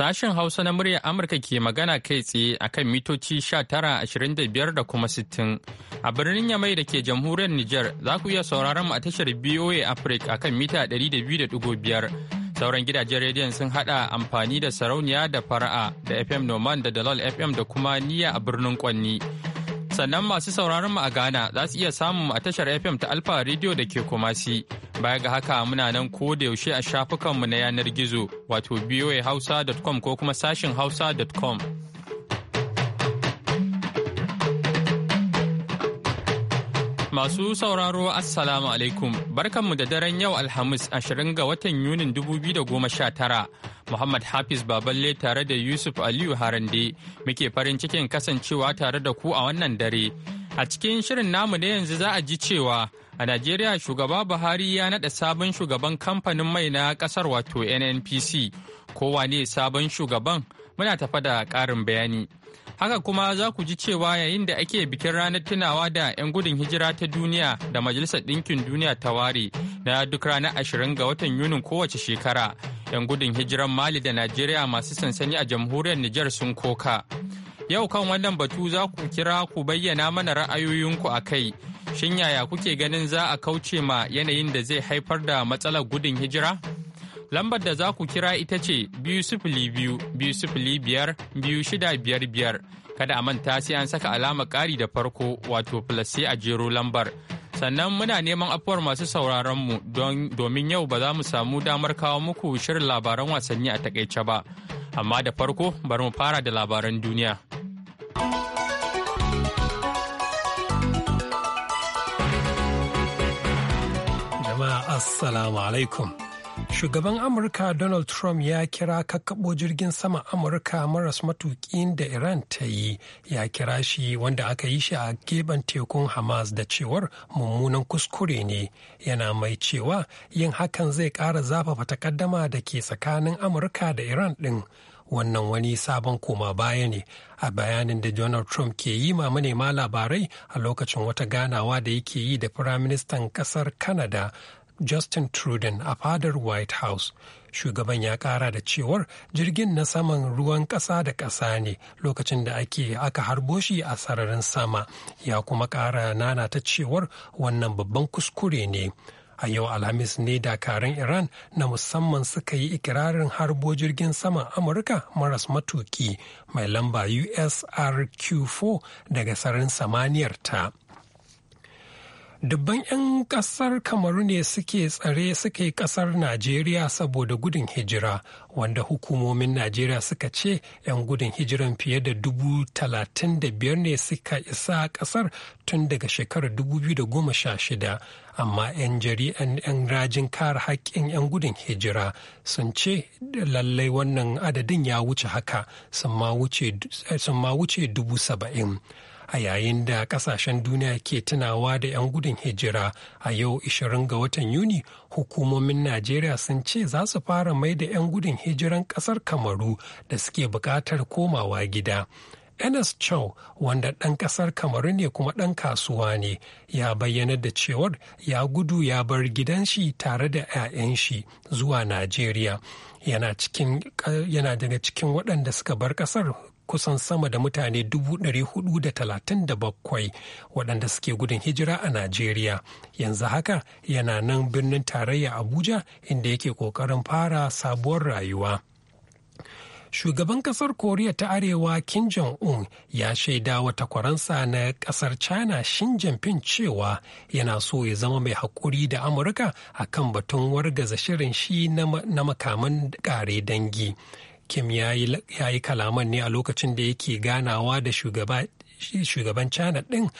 Sashen Hausa na muryar Amurka ke magana kai tsaye akan mitoci 1925 da kuma 60. A birnin Yamai da ke jamhuriyar Nijar za ku iya sauraron mu a tashar BOA Africa akan mita 200.5. Sauran gidajen rediyon sun hada amfani da sarauniya da fara'a da FM Noman da Dalal FM da kuma niyya a birnin Kwanni. Sannan masu sauraron mu a Ghana za su iya samun a tashar FM ta Alfa Radio da ke Kumasi. Baya ga haka muna nan ko da yaushe a shafukanmu na yanar gizo wato voahausa.com ko kuma sashin hausa.com. Masu sauraro Assalamu alaikum barkanmu da daren yau Alhamis 20 ga watan Yunin 2019 Muhammad Hafiz Baballe tare da Yusuf Aliyu Harande muke farin cikin kasancewa tare da ku a wannan dare. A cikin shirin namu na yanzu za a ji cewa a Najeriya shugaba Buhari ya naɗa sabon shugaban kamfanin mai na ƙasar wato NNPC. Kowa ne sabon shugaban muna tafa da ƙarin bayani. Haka kuma za ku ji cewa yayin da ake bikin ranar tunawa da 'yan gudun hijira ta duniya da Majalisar Ɗinkin Duniya ta ware na duk ranar 20 ga watan Yunin kowace shekara. 'Yan gudun hijiran Mali da Najeriya masu sansani a jamhuriyar Nijar sun koka. Yau kan wannan batu za ku kira ku bayyana mana ra'ayoyinku a kai. Shin yaya kuke ganin za a kauce ma yanayin da zai haifar da matsalar gudun hijira? Lambar da za ku kira ita ce biyu sifili biyu biyu sifili biyar biyu shida biyar biyar. Kada a manta sai an saka alama ƙari da farko wato plus sai a jero lambar. Sannan muna neman afuwar masu sauraronmu domin yau ba za mu samu damar kawo muku shirin labaran wasanni a takaice ba. Amma da farko bari mu fara da labaran duniya. Assalamu alaikum. Shugaban Amurka Donald Trump ya kira kakkaɓo jirgin sama Amurka maras matuƙin da Iran ta yi, ya kira shi wanda aka yi shi a geben tekun Hamas da cewar mummunan kuskure ne, yana mai cewa yin hakan zai ƙara zafafa takaddama da ke tsakanin Amurka da Iran ɗin. Wannan wani sabon koma baya ne a bayanin da Donald Trump ke yi ma manema labarai a lokacin wata ganawa da yake yi da Firaministan ƙasar Kanada. Justin Trudeau a fadar White House. Shugaban ya kara da cewar jirgin na saman ruwan ƙasa da ƙasa ne lokacin da ake aka harbo shi a sararin sama ya kuma ƙara nana ta cewar wannan babban kuskure ne. a yau alhamis ne dakarun iran na musamman suka yi ikirarin harbo jirgin saman amurka maras matuki mai lamba usrq4 daga sararin samaniyar ta dubban 'yan kasar kamaru ne suke tsare suka yi kasar najeriya saboda gudun hijira wanda hukumomin najeriya suka ce 'yan gudun hijiran fiye da dubu talatin da biyar ne suka isa kasar tun daga shekarar da goma sha shida amma 'yan jari'an 'yan rajin kare haƙƙin 'yan gudun hijira sun ce lallai wannan adadin ya wuce haka sun ma wuce dubu saba'in a yayin da kasashen duniya ke tunawa da 'yan gudun hijira a yau 20 ga watan yuni hukumomin najeriya sun ce za su fara mai da 'yan gudun hijiran kasar kamaru da suke buƙatar komawa gida Enes Chow wanda ɗan ƙasar Kamaru ne kuma ɗan kasuwa ne ya bayyana da cewar ya gudu ya bar gidan shi tare da 'ya'yan shi zuwa Najeriya. yana daga cikin waɗanda suka bar ƙasar kusan sama da mutane 437 waɗanda suke gudun hijira a Najeriya. Yanzu haka yana nan birnin tarayya Abuja inda yake ƙoƙarin fara sabuwar rayuwa. shugaban ƙasar koriya ta arewa kim jong-un ya shaida wata kwaransa na ƙasar china shin jinping cewa yana so ya zama mai haƙuri da amurka a kan batun wargaza shirin shi na makaman ƙare dangi Kim ya yi kalaman ne a lokacin da yake ganawa da shugaba shugaban china ɗin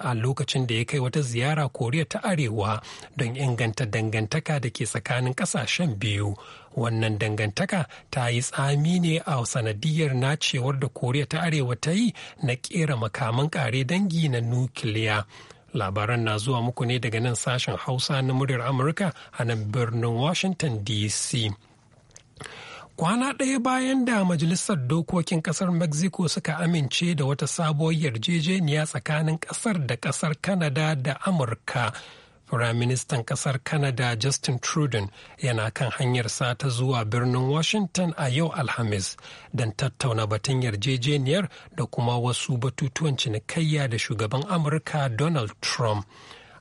a lokacin da ya kai wata ziyara koriya ta arewa don inganta dangantaka da ke tsakanin ƙasashen biyu wannan dangantaka ta yi tsami ne a sanadiyar nacewar da koriya ta arewa ta yi na ƙera makaman ƙare dangi na nukiliya labaran na zuwa muku ne daga nan sashen hausa na muryar amurka a nan birnin washington dc kwana ɗaya bayan da majalisar dokokin ƙasar mexico suka amince da wata sabuwar yarjejeniya tsakanin ƙasar da ƙasar canada da amurka Firaministan ƙasar Canada Justin Trudeau yana kan hanyarsa ta zuwa birnin Washington a yau Alhamis don tattauna batun yarjejeniyar da kuma wasu batutuwan cinikayya da shugaban Amurka Donald Trump.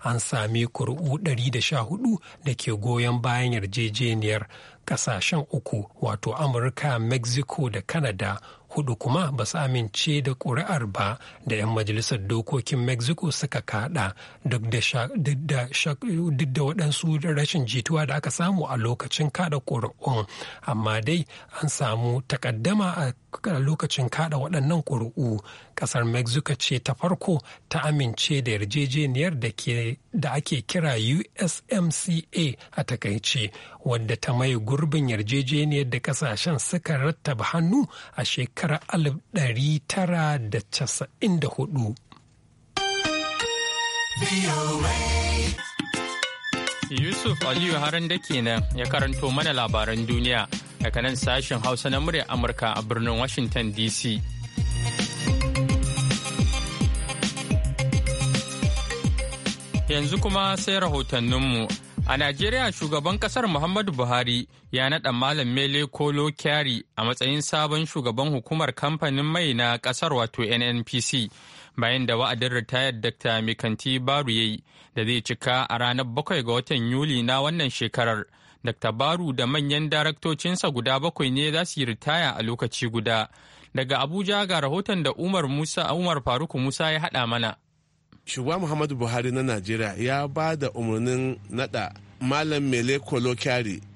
An sami kuri'u 114 da ke goyon bayan yarjejeniyar Ƙasashen uku wato amurka mexico da canada hudu kuma ba su amince da ƙuri'ar ba da 'yan majalisar dokokin mexico suka kada duk da waɗansu rashin jituwa da aka samu a lokacin kada ƙuri'un amma dai an samu takaddama a lokacin kada waɗannan ƙuri'u ƙasar mexico ce ta farko ta amince da yarjejeniyar da ake kira usmca a takaice wadda ta mai gurbin yarjejeniyar da ƙasashen suka rattaba hannu a shekaru alif tara da casa'in da 1994. Yusuf Aliyu Haran da kenan ya karanto mana labaran duniya daga nan sashen Hausa na murya Amurka a birnin Washington DC. Yanzu kuma sai rahotanninmu. A Najeriya shugaban kasar Muhammadu Buhari ya naɗa Malam Mele Kolo Kyari a matsayin sabon shugaban hukumar kamfanin mai na kasar wato NNPC bayan da wa'adin ritayar Dr. Mikanti Baru yayi da zai cika a ranar bakwai ga watan Yuli na wannan shekarar. Dr. Baru da manyan daraktocinsa guda bakwai ne za su yi ritaya a lokaci guda. Daga Abuja ga rahoton da Umar Musa Faruku Musa ya haɗa mana. shugaba muhammadu buhari na najeriya ya ba da umarnin nada malam mele kolo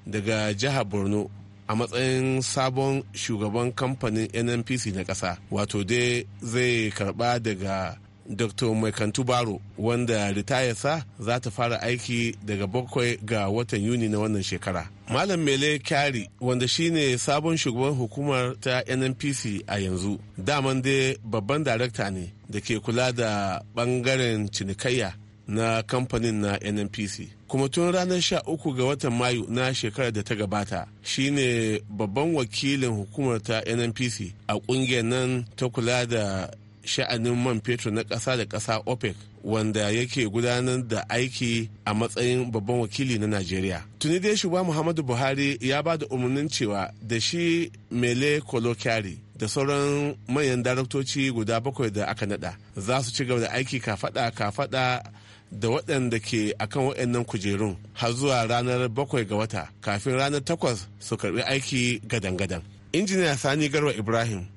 daga jihar borno a matsayin sabon shugaban kamfanin nnpc na ƙasa wato dai zai karba daga dr maikantu baro wanda ritayarsa za ta fara aiki daga bakwai ga watan yuni na wannan shekara malam mele kyari wanda shine sabon shugaban hukumar ta nnpc a yanzu daman dai babban darakta ne da ke kula da bangaren cinikayya na kamfanin na nnpc kuma tun ranar sha uku ga watan mayu na shekarar da ta gabata shine babban wakilin hukumar ta nnpc a kungiyar nan ta kula da sha'anin man fetur na ƙasa da ƙasa opec wanda yake gudanar da aiki a matsayin babban wakili na najeriya tuni dai shugaba muhammadu buhari ya ba da umarnin cewa da shi mele kolokari da sauran manyan daraktoci guda bakwai da aka nada za su ci gaba da aiki kafada kafada da waɗanda ke akan waɗannan kujerun har zuwa ranar bakwai ga wata kafin ranar takwas su karɓi aiki gadan-gadan injiniya sani garba ibrahim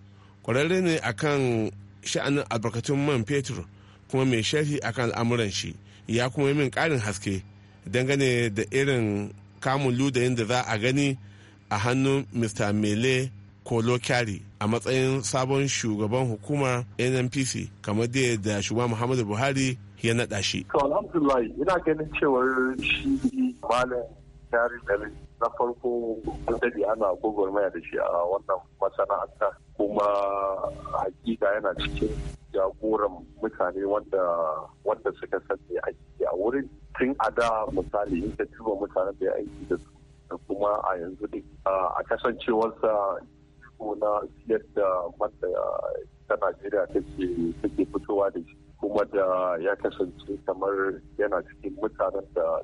ƙwararre ne akan sha'anin albarkatun man fetur kuma mai sharhi akan al'amuran shi ya kuma yi min karin haske dangane da irin kamun ludayin da za a gani a hannun mr mele kolo kyari a matsayin sabon shugaban hukumar nnpc kamar da da shugaban muhammadu buhari ya naɗa shi. alhamdulillah ina ganin cewar shi malam kyari na farko an daɗe ana maya da shi a wannan masana'anta kuma hakika yana cikin jagoran mutane wanda suka san me aiki a wurin tun a da misali in ka tuba mutanen da ya aiki da su da kuma a yanzu duk a kasancewarsa ko na siyar da mata ta Najeriya take fitowa da shi kuma da ya kasance kamar yana cikin mutanen da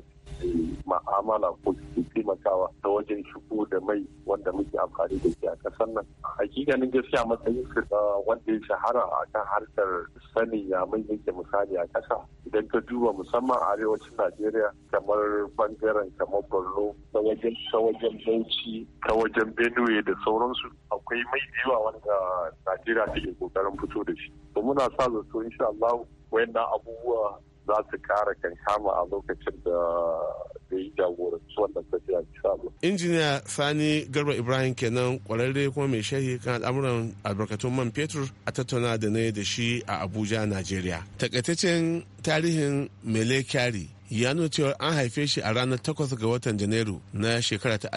ma'amala ko ke taimakawa ta wajen shigo da mai wanda muke amfani da shi a ƙasar nan hakikanin gaskiya matsayin su ah, wanda ya shahara a kan harkar sani ya mai yake misali a ƙasa idan ka duba musamman a arewacin najeriya kamar bangaren kamar borno ta wajen ta wajen bauchi ta wajen benue da sauransu akwai mai yawa wanda najeriya take kokarin fito da shi to muna sa zato insha Allah wayannan abubuwa za su kara kankama a lokacin da da yi jagoranci wannan tafiya insha Injiniya Sani Garba Ibrahim kenan kwararre kuma mai shahi kan al'amuran albarkatun man fetur a tattauna da na da shi a Abuja, Najeriya. Takaitaccen tarihin Mele Kyari ya nuna cewa an haife shi a ranar takwas ga watan janairu na shekara ta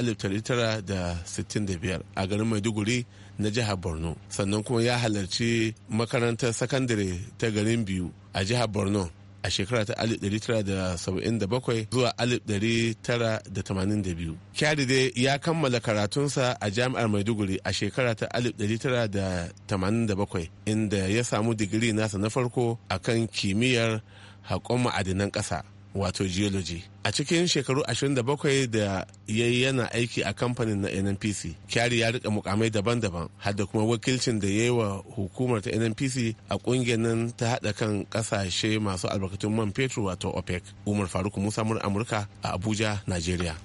biyar a garin maiduguri na jihar borno sannan kuma ya halarci makarantar sakandare ta garin biyu a jihar borno a shekara ta 1977 zuwa 1982. Kyaride ya kammala karatunsa a jami'ar Maiduguri a shekara ta 1987 inda ya samu digiri nasa na farko akan kimiyyar haƙon ma'adinan ƙasa. wato geology a cikin shekaru 27 da ya yi yana aiki a kamfanin na nnpc kyari ya rika mukamai daban-daban har da kuma wakilcin da ya yi wa hukumar ta nnpc a kungiyar nan ta hada kan kasashe masu albarkatun man fetur wato opec umar faruk musa mur amurka a abuja nigeria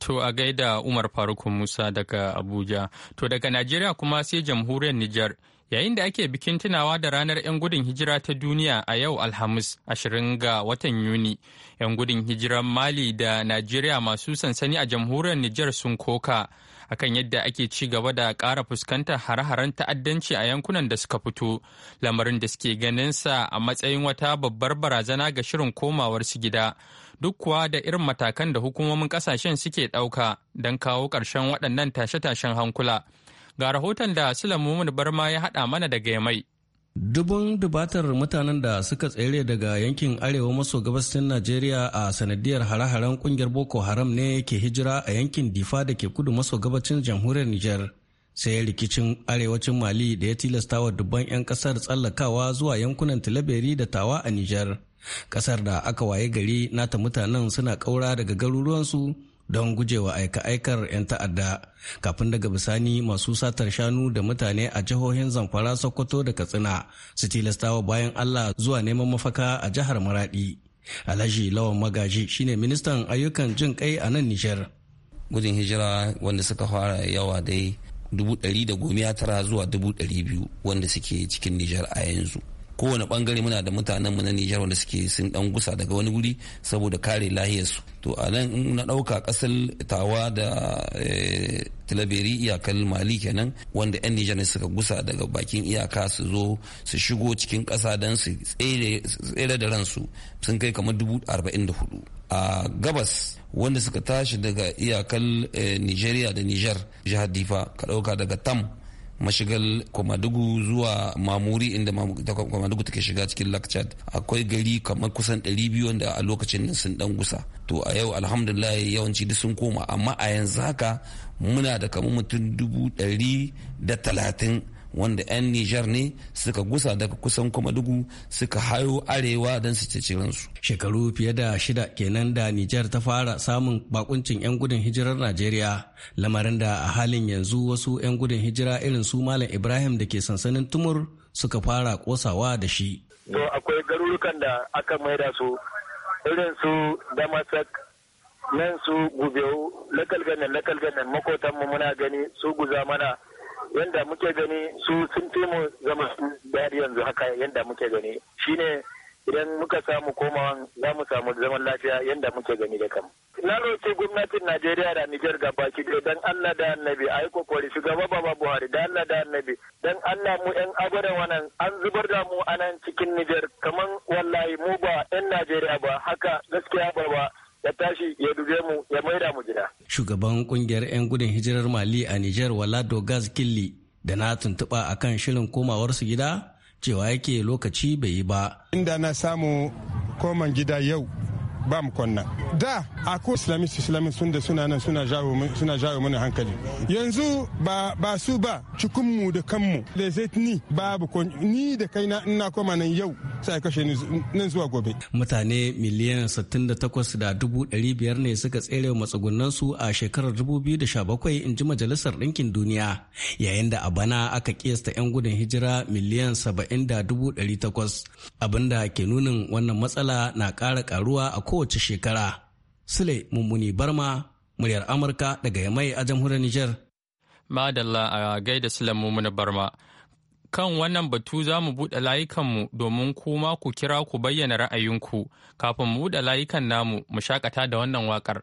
To a gaida Umar Faruk Musa daga Abuja. To daga Najeriya kuma sai jamhuriyar Nijar Yayin da ake bikin tunawa da ranar 'yan gudun hijira ta duniya a yau Alhamis 20 ga watan Yuni, 'yan gudun hijiran Mali da Najeriya masu sansani a jamhuriyar Nijar sun koka akan yadda ake ci gaba da ƙara fuskantar hare-haren ta'addanci a yankunan da suka fito, lamarin da suke ganin sa a matsayin wata babbar barazana ga shirin komawar su gida. Duk kuwa da irin matakan da hukumomin ƙasashen suke ɗauka don kawo ƙarshen waɗannan tashe-tashen hankula. Ga rahoton da Sulaimu Barma ya haɗa mana daga Yamai. Dubun dubatar mutanen da suka tsere daga yankin arewa maso gabashin Najeriya a sanadiyar hare-haren kungiyar Boko Haram ne ke hijira a yankin Difa da ke kudu maso gabacin jamhuriyar Nijar. Sai rikicin arewacin Mali da ya tilasta wa dubban 'yan kasar tsallakawa zuwa yankunan Tilaberi da Tawa a Nijar. Kasar da aka waye gari nata mutanen suna ƙaura daga garuruwansu don gujewa aika-aikar 'yan ta'adda kafin daga bisani masu satar shanu da mutane a jihohin zamfara sokoto da katsina su tilastawa bayan allah zuwa neman mafaka a jihar maradi alhaji lawan magaji shine ministan ayyukan jin kai a nan nijar gudun hijira wanda suka fara yawa dai dubu zuwa dubu wanda suke cikin nijar a yanzu kowane bangare muna da mutanen mu na Nijar wanda suke sun dan gusa daga wani wuri saboda kare lahiyarsu to a nan in na dauka kasar tawa da eh, tilaberi iyakar mali kenan wanda yan Nijar ne suka gusa daga bakin iyaka su zo su shigo cikin kasa Dan su tsere da ransu sun kai kamar dubu arba'in da hudu a gabas wanda suka tashi daga iyakar eh, nigeria da nijar jihar difa ka dauka daga tam mashigar kwamadugu zuwa mamuri inda kwamadugu take shiga cikin lakchad akwai gari kamar kusan 200 wanda a lokacin nan sun dan gusa to a yau alhamdulillah yawanci duk sun koma amma a yanzu haka muna da kamar mutum dubu ɗari da talatin wanda 'yan Nijar ne suka gusa daga kusan kuma dugu suka hayo arewa don su ceci ransu. Shekaru fiye da shida kenan da Nijar ta fara samun bakuncin 'yan gudun hijirar Najeriya, lamarin da a halin yanzu wasu 'yan gudun hijira irin su Malam Ibrahim da ke sansanin Tumur suka fara kosawa da shi. To akwai garurukan da aka maida su irin su Damasak nan su Gubewu, makotanmu muna gani su guza mana yanda muke gani su sun fi mu zama daɗi yanzu haka yanda muke gani shine idan muka samu komawan za mu samu zaman lafiya yadda muke gani da kam. Na roƙi gwamnatin Najeriya da Nijar ga baki da dan Allah da annabi ayi yi kokori shugaba Baba Buhari da Allah da annabi dan Allah mu 'yan agwada wannan an zubar da mu anan cikin Nijar kamar wallahi mu ba 'yan Najeriya ba haka gaskiya ba ba ya tashi ya duje mu ya maida mu gida. Shugaban kungiyar 'yan gudun hijirar Mali a Nijar Walado Gaz Killi da na tuntuɓa a kan shirin komawarsu gida cewa yake lokaci bai yi ba. Inda na samu koman gida yau ba mu kwanna da akwai islamist islamist sun da suna nan suna jawo mana hankali yanzu ba su ba cikinmu da kanmu da zaitni babu ni da kaina ina koma nan yau sai kashe ni nan zuwa gobe mutane miliyan 68 da dubu biyar ne suka tsere matsugunan su a shekarar 2017 in ji majalisar ɗinkin duniya yayin da a bana aka kiyasta 'yan gudun hijira miliyan 70 da dubu abinda ke nunin wannan matsala na ƙara karuwa a kowace shekara. Sule Mummuni Barma, muryar Amurka daga Yamai a jamhuriyar Nijar. Madalla a gaida Sule Mummuni Barma. Kan wannan batu za mu buɗe layukanmu domin kuma ku kira ku bayyana ra'ayinku kafin mu buɗe layukan namu mu shakata da wannan waƙar.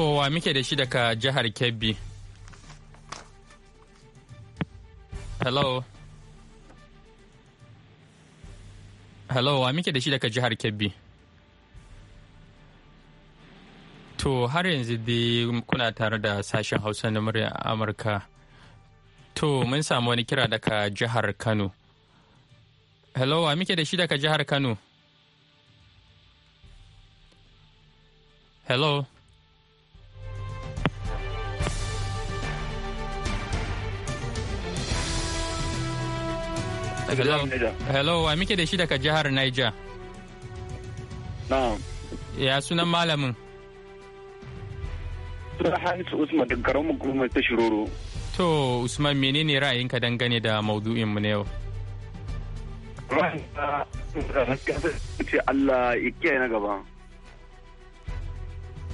wa muke da shi daga jihar Kebbi? Hello? Hello, wa muke da shi daga jihar Kebbi? To har yanzu dai kuna tare da sashen Hausa na murya Amurka. To mun samu wani kira daga jihar Kano. Hello, wa muke da shi daga jihar Kano? Hello? Hello. Hello, wa muke da shi daga jihar Niger? Na'am. Ya sunan malamin? haisu Usman ta Shiroro. To, Usman menene ra'ayinka dangane da maudu'inmu na yau? ce Allah ya kiyaye na gaba.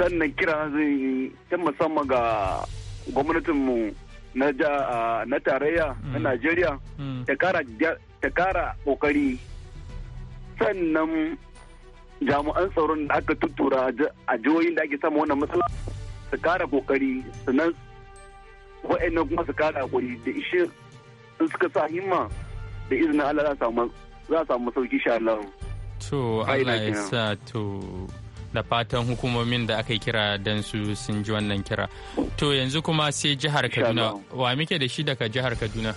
Sannan kira zai ta musamman ga gwamnatinmu na tarayya na mm. Najeriya mm. ta kara kokari sannan jami'an tsaron da aka tuttura a jihohin da ake samu wannan matsala su kara kokari sannan wa'annan kuma su kara kuri da ishe sun suka sa himma da izinin Allah za a samu sauki sha Allah. To Allah ya sa to da fatan hukumomin da aka kira don su sun ji wannan kira to yanzu kuma sai jihar kaduna wa muke da shi daga jihar kaduna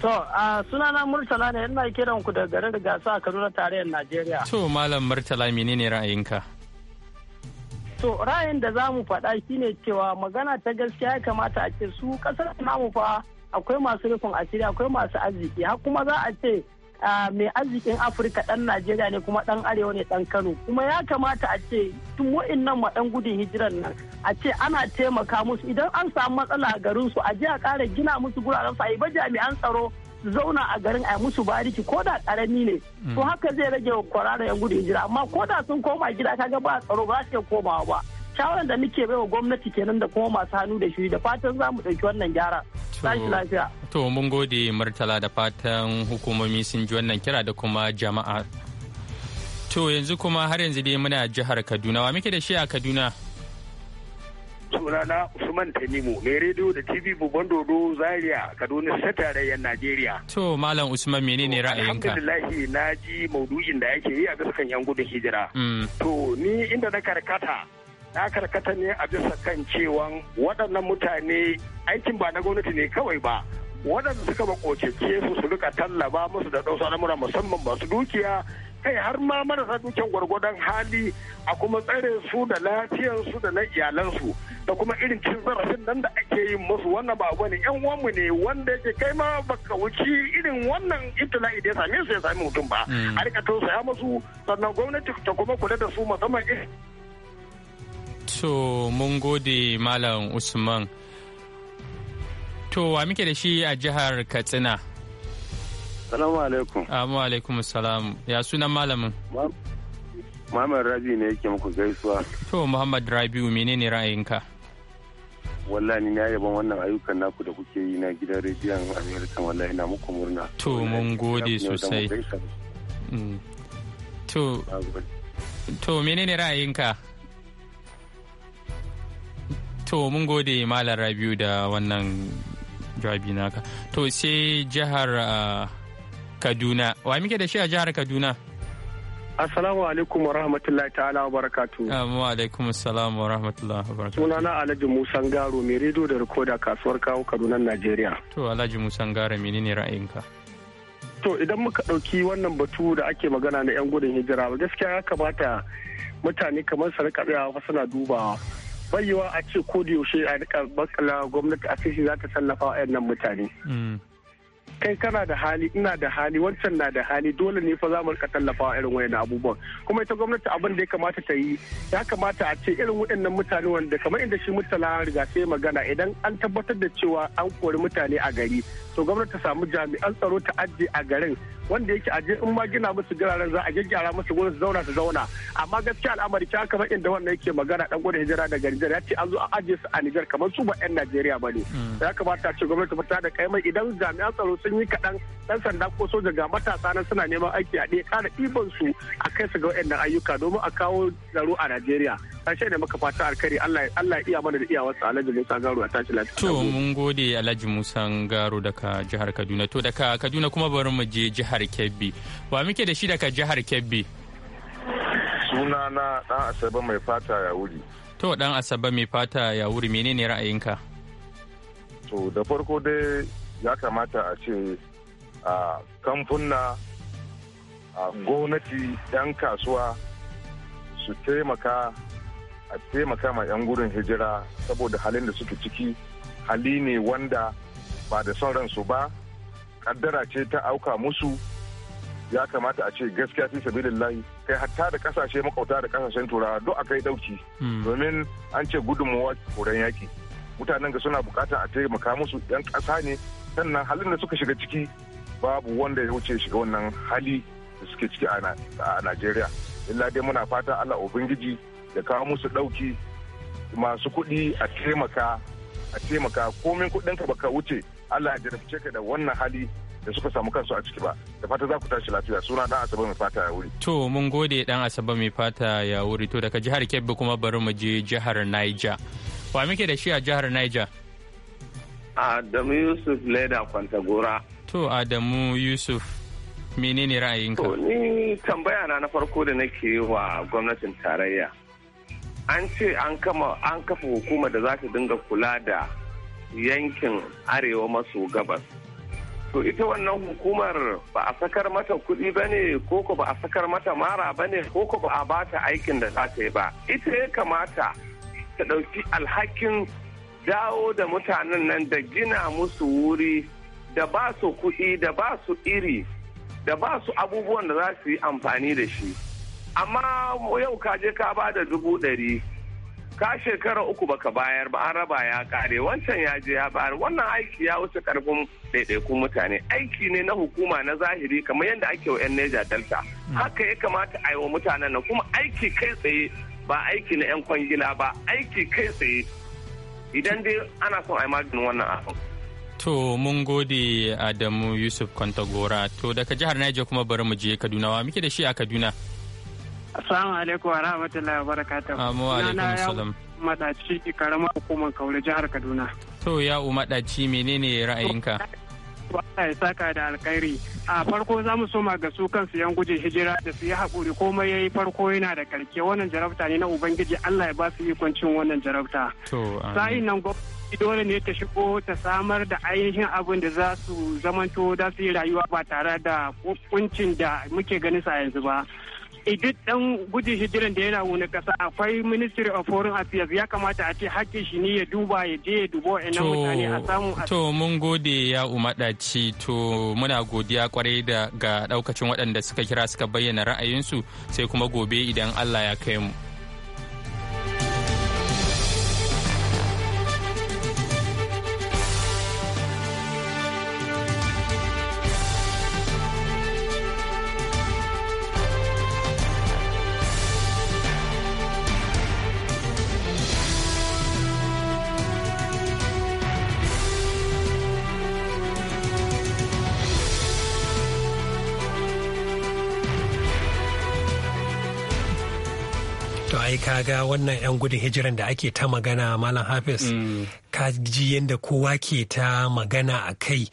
to a sunana murtala ne ina kiran ku da garin gasa a kaduna tarayyar najeriya to malam murtala menene ra'ayinka to ra'ayin da za mu faɗa shine cewa magana ta gaskiya ya kamata a ce su ƙasar namu fa akwai masu rufin asiri akwai masu arziki har kuma za a ce Ah, mai arzikin afirka dan najeriya ne kuma dan arewa ne dan kano kuma ya kamata a ce tun wa'innan ma dan gudun hijiran nan a ce ana taimaka musu idan an samu matsala a garin su a je a kara gina musu guraren su a yi ba jami'an tsaro su zauna a garin a musu bariki ko da karami ne to mm. haka zai rage kwararren yan gudun hijira amma ko da sun koma gida kaga ba tsaro ba za su iya komawa ba shawarar da muke baiwa gwamnati kenan da kuma masu hannu da shi da fatan za mu ɗauki wannan gyara tashi lafiya to mun gode murtala da fatan hukumomi sun ji wannan kira da kuma jama'a to yanzu kuma har yanzu dai muna jihar kaduna wa muke da shi a kaduna sunana Usman Tanimu mai rediyo da TV Bubban Dodo Zaria Kaduna ta tarayyar Najeriya. To Malam Usman menene ra'ayinka? Alhamdulillahi na ji maudu'in da yake yi a gaskan yan gudun hijira. Mm. To ni inda na karkata na karkata ne a bisa kan cewa waɗannan mutane aikin ba na gwamnati ne kawai ba waɗanda suka makocece su su rika tallaba musu da ɗausa al'amura musamman masu dukiya kai har ma marasa dukiyar gwargwadon hali a kuma tsare su da su da na iyalansu da kuma irin cin zarafin nan da ake yin musu wannan ba bane yan uwanmu ne wanda yake kai ma baka wuci irin wannan ibtila'i da ya su ya sami mutum ba mm. a rika tausaya musu sannan gwamnati ta kuma kula da su musamman To mun gode Malam Usman. To wa muke da shi a jihar Katsina? Salamu alaikum. Amu ah, alaikum salam. Ya sunan malamin? Muhammad Rabi ne yake muku gaisuwa. To Muhammad Rabiu menene ra'ayinka? Wallahi ni na yaban wannan ayyukan naku da kuke yi na gidan rediyon Amerika wallahi na muku murna. To mun gode sosai. Mm. To menene ra'ayinka? to mun gode malar rabiu da wannan jawabi naka to sai jihar ah, kaduna wa muke da shi a jihar kaduna Assalamu alaikum wa rahmatullahi ta'ala wa barakatu. Amma ah, alaikum assalam wa rahmatullahi wa barakatu. na Alhaji Musa Garo mai rediyo da rikoda kasuwar kawo Kaduna Najeriya. To Alhaji Musa Garo menene ra'ayinka? To idan muka ɗauki wannan batu da ake magana na 'yan gudun hijira gaskiya ya kamata mutane kamar su rika tsayawa suna dubawa. bayyawa a ce ko da yaushe a rika bakala gwamnati a ce za ta tallafa wa mutane mm. kai kana da hali ina da hali wancan na da hali dole ne fa za mu rika tallafawa irin wayannan abubuwan kuma ita gwamnati abin da ya kamata ta yi ya kamata a ce irin waɗannan mutane wanda kamar inda shi mutala riga sai magana idan an tabbatar da cewa an kori mutane a gari to gwamnati ta samu jami'an tsaro ta ajiye a garin wanda yake aje in ma gina musu guraren za a gyaggyara musu gurin su zauna su zauna amma gaskiya al'amari ta kamar inda wannan yake magana dan gudun hijira daga Nijar ya ce an zo an ajiye su a Nijar kamar su ba 'yan Najeriya ba ne hmm. ya kamata a ce gwamnati ta da kai idan jami'an tsaro sun yi kaɗan ɗan sanda ko soja ga matasa nan suna neman aiki a ɗaya ƙara ɗiban su a kai su ga waɗannan ayyuka domin a kawo tsaro a Najeriya. Sashe da muka fata alkari Allah ya iya mana da iyawarsa Alhaji Musa Garu a tashi lafiya. To mun gode Alhaji Musa Garu daga jihar Kaduna. To daga Kaduna kuma bari mu je jihar Kebbi. Wa muke da shi daga jihar Kebbi? Suna na ɗan asaba mai fata ya wuri. To ɗan asaba mai fata ya wuri menene ra'ayinka? To da farko dai ya kamata a ce a kamfuna a gwamnati 'yan kasuwa su taimaka a taimaka ma 'yan gudun hijira saboda halin da suke ciki hali ne wanda ba da son ransu ba kaddara ce ta auka musu ya kamata a ce gaskiya fi layi. kai hatta da kasashe makauta da kasashen turawa duk a kai dauki hmm. domin an ce gudunmawa koren yaki mutanen ga suna bukata a taimaka musu yan kasa ne sannan halin da suka shiga ciki babu wanda ya wuce shiga wannan hali da suke ciki a najeriya illa dai muna fata allah ubangiji ya kawo musu ɗauki masu kuɗi a taimaka a taimaka komin kuɗinka baka wuce allah ya jarabce ka da wannan hali da suka samu kansu a ciki ba da fata za ku tashi lafiya suna dan asaba mai fata ya wuri to mun gode dan asaba mai fata ya wuri to daga jihar kebbi kuma bari mu je jihar niger wa muke da shi a jihar niger Adamu Yusuf Leda Kwantagora. To Adamu Yusuf menene ra'ayinka? To ni tambaya na na farko da nake yi wa gwamnatin tarayya. An ce an kama an kafa hukumar da za ta dinga kula da yankin arewa maso gabas. To ita wannan hukumar ba a sakar mata kuɗi ba ne ko ba a sakar mata mara ba ne ko ba a bata aikin da za ta yi ba. Ita ya kamata ta ɗauki alhakin dawo da mutanen nan da gina musu wuri da ba su kuɗi da ba su iri da ba su abubuwan da za su yi amfani da shi amma yau ka je ka ba da dubu ɗari ka shekara uku baka bayar ba an raba ya kare wancan ya je ya bayar wannan aiki ya wuce karfin ɗaiɗaikun mutane aiki ne na hukuma na zahiri kamar yadda ake wa 'yan neja delta hmm. haka ya kamata a yi wa mutanen nan kuma aiki kai tsaye ba aiki na 'yan kwangila ba aiki kai tsaye idan dai ana son a yi maganin wannan abin. To mun gode Adamu Yusuf Kwantagora to daga jihar Niger kuma bari mu je Kaduna wa muke da shi a Kaduna. Assalamu alaikum wa rahmatullahi wa barakatuh. Amu ah, alaikum salam. Madaci karamar hukumar Kaule jihar Kaduna. To ya umadaci menene ra'ayinka? Allah ya saka da alkhairi a farko za mu soma ga su kansu yan gudun hijira da su yi haƙuri komai yayi farko yana da karke wannan jarabta ne na ubangiji Allah ya ba su ikon cin wannan jarabta sa'in nan gwamnati dole ne ta shigo ta samar da ainihin abin da za su zamanto da su yi rayuwa ba tare da kuncin da muke ganin sa yanzu ba Eh, duk dan gudun hijiran da yana wani kasa akwai ministry of foreign affairs ya kamata a ce hakkin shi ne ya duba ya je ya dubo mutane a samu to mun gode ya umadaci to muna godiya kwarai da ga daukacin waɗanda suka kira suka bayyana ra'ayinsu sai kuma gobe idan Allah ya kai mu Ka ga wannan 'yan gudun hijiran da ake ta magana malam hafiz mm. ka ji yadda kowa ke ta magana a kai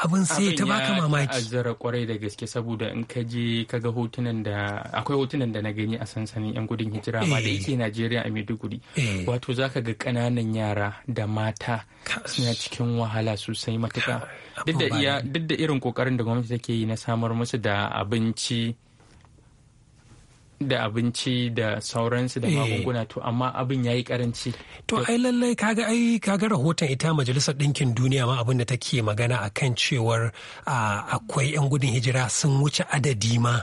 abin sai ta baka mamaki azzara kwarai da gaske saboda in ka je ka ga hotunan da akwai hotunan da na gani a sansanin yan gudun hijira ma da yake eh. Najeriya a Maiduguri eh. wato zaka ga kananan yara da mata suna cikin wahala sosai matuka duk da irin kokarin da gwamnati take yi na samar musu da abinci da abinci da sauransu da eh. magunguna to amma abin ya yi karanci. To ai lallai kaga ai kaga rahoton ita majalisar ɗinkin duniya ma abin da take magana akan cewar ah, akwai 'yan gudun hijira sun wuce adadi ma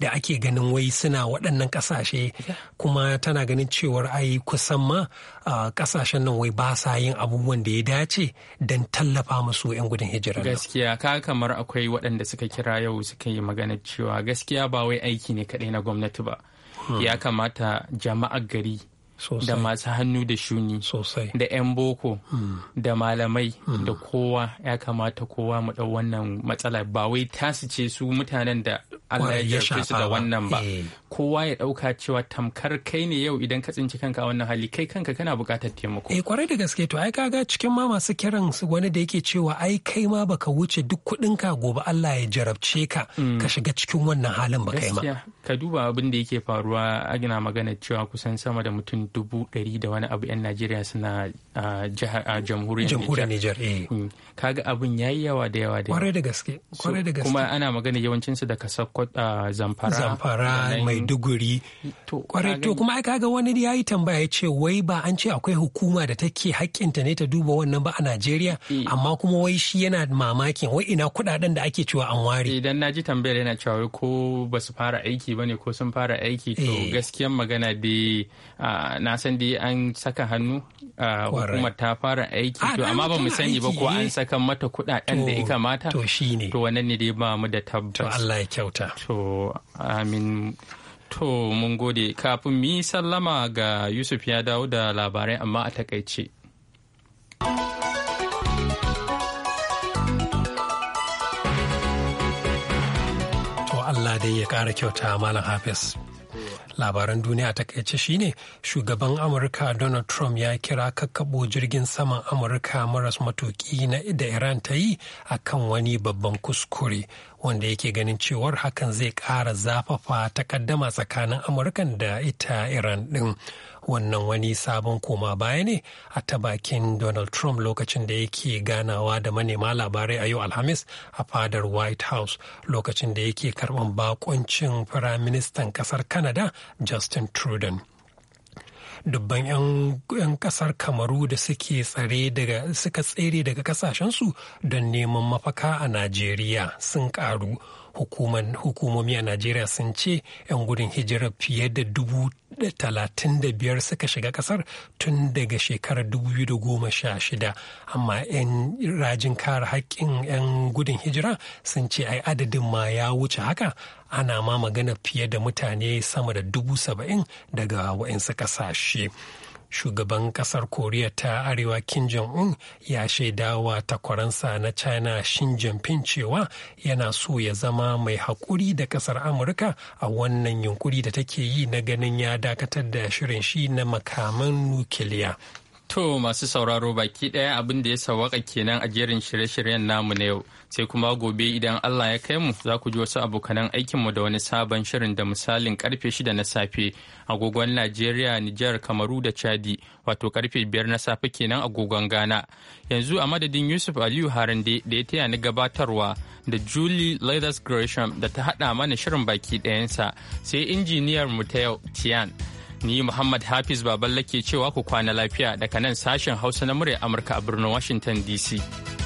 da ake ganin wai suna waɗannan ƙasashe kuma tana ganin cewar ai kusan ma ƙasashen nan wai ba sa yin abubuwan da ya dace don tallafa masu 'yan gudun hijira. Gaskiya ka kamar akwai waɗanda suka kira yau suka yi magana cewa gaskiya ba wai aiki ne kaɗai na gwamnati ba. Hmm. Ya kamata jama'ar gari da masu hannu da shuni da 'yan boko hmm. da malamai hmm. da kowa ya kamata kowa mu ɗau wannan matsala ba wai tasu ce su mutanen da Allah ya jarfe su da wannan ba eh. kowa ya ɗauka cewa tamkar kai ne yau idan ka tsinci kanka a wannan hali kai kanka kana bukatar taimako eh kwarai da gaske to ai kaga cikin ma masu kiran su wani da yake cewa ai kai ma baka wuce duk ka gobe Allah ya jarabce ka hmm. ka shiga cikin wannan halin ba kai ma ka duba abin da yake faruwa agina magana cewa kusan sama da mutum dubu ɗari da wani abu 'yan najeriya suna a jamhuriyar nijar eh. hmm. kaga abin ya yi yawa da yawa da kwarai da gaske kuma ana magana yawancinsu daga a zamfara zamfara maiduguri kwarai to kuma kaga wani ya yi tambaya ya ce wai ba an ce akwai hukuma da take hakkinta ne ta duba wannan ba a najeriya e. amma kuma wai shi yana mamakin wai ina kuɗaɗen da ake cewa an ware idan na ji tambayar yana cewa ko ba su fara aiki aiki bane ko sun fara aiki to eh. gaskiyan magana dai na san dai an saka hannu hukumar ta fara aiki ah, to amma ba mu sani ba ko an eh. saka mata kudaden da ika mata to shine to wannan ne dai ba mu da tabbas to Allah ya kyauta to amin to mun gode kafin mi sallama ga Yusuf ya dawo da labarai amma a takaice Allah dai ya ƙara kyauta Malam Hafiz. Labaran duniya ta shi shine shugaban Amurka Donald Trump ya kira kakkaɓo jirgin saman Amurka maras matuƙi na da Iran ta yi a kan wani babban kuskure wanda yake ganin cewar hakan zai ƙara zafafa takaddama tsakanin amurkan da ita iran ɗin wannan wani sabon koma baya ne a ta bakin donald trump lokacin da yake ganawa da manema labarai a yau alhamis a fadar white house lokacin da yake karɓan bakoncin firaministan ƙasar canada justin trudeau dubban 'yan kasar kamaru da suke tsare daga suka tsere daga kasashensu don neman mafaka a najeriya sun karu hukumomi a najeriya sun ce 'yan gudun hijira fiye da dubu talatin da biyar suka shiga kasar tun daga shekarar goma sha shida amma 'yan rajin kare haƙƙin 'yan gudun hijira sun ce ai adadin ma ya wuce haka ana ma magana fiye da mutane sama da dubu saba'in daga waɗansu ƙasashe. shugaban kasar koriya ta arewa kim jong-un ya shaidawa takwaransa na china shin jinping cewa yana so ya zama mai haƙuri da kasar amurka a wannan yunkuri da take yi na ganin ya dakatar da shirin shi na makaman nukiliya To masu sauraro baki ɗaya abin da ya sawaka kenan a jerin shirye-shiryen namu na yau sai kuma gobe idan Allah ya kai mu za ku ji wasu abokanan aikinmu da wani sabon shirin da misalin karfe shida na safe agogon Najeriya, Nijar, Kamaru da Chadi wato karfe biyar na safe kenan agogon Ghana. Yanzu a madadin Yusuf Aliyu Harande da ya taya ni gabatarwa da Julie Leathers Gresham da ta haɗa mana shirin baki ɗayansa sai injiniyar mu ta yau Tian. Ni Muhammad Hafiz Baballa ke cewa ku kwana lafiya daga nan sashen Hausa na murya Amurka a birnin Washington DC.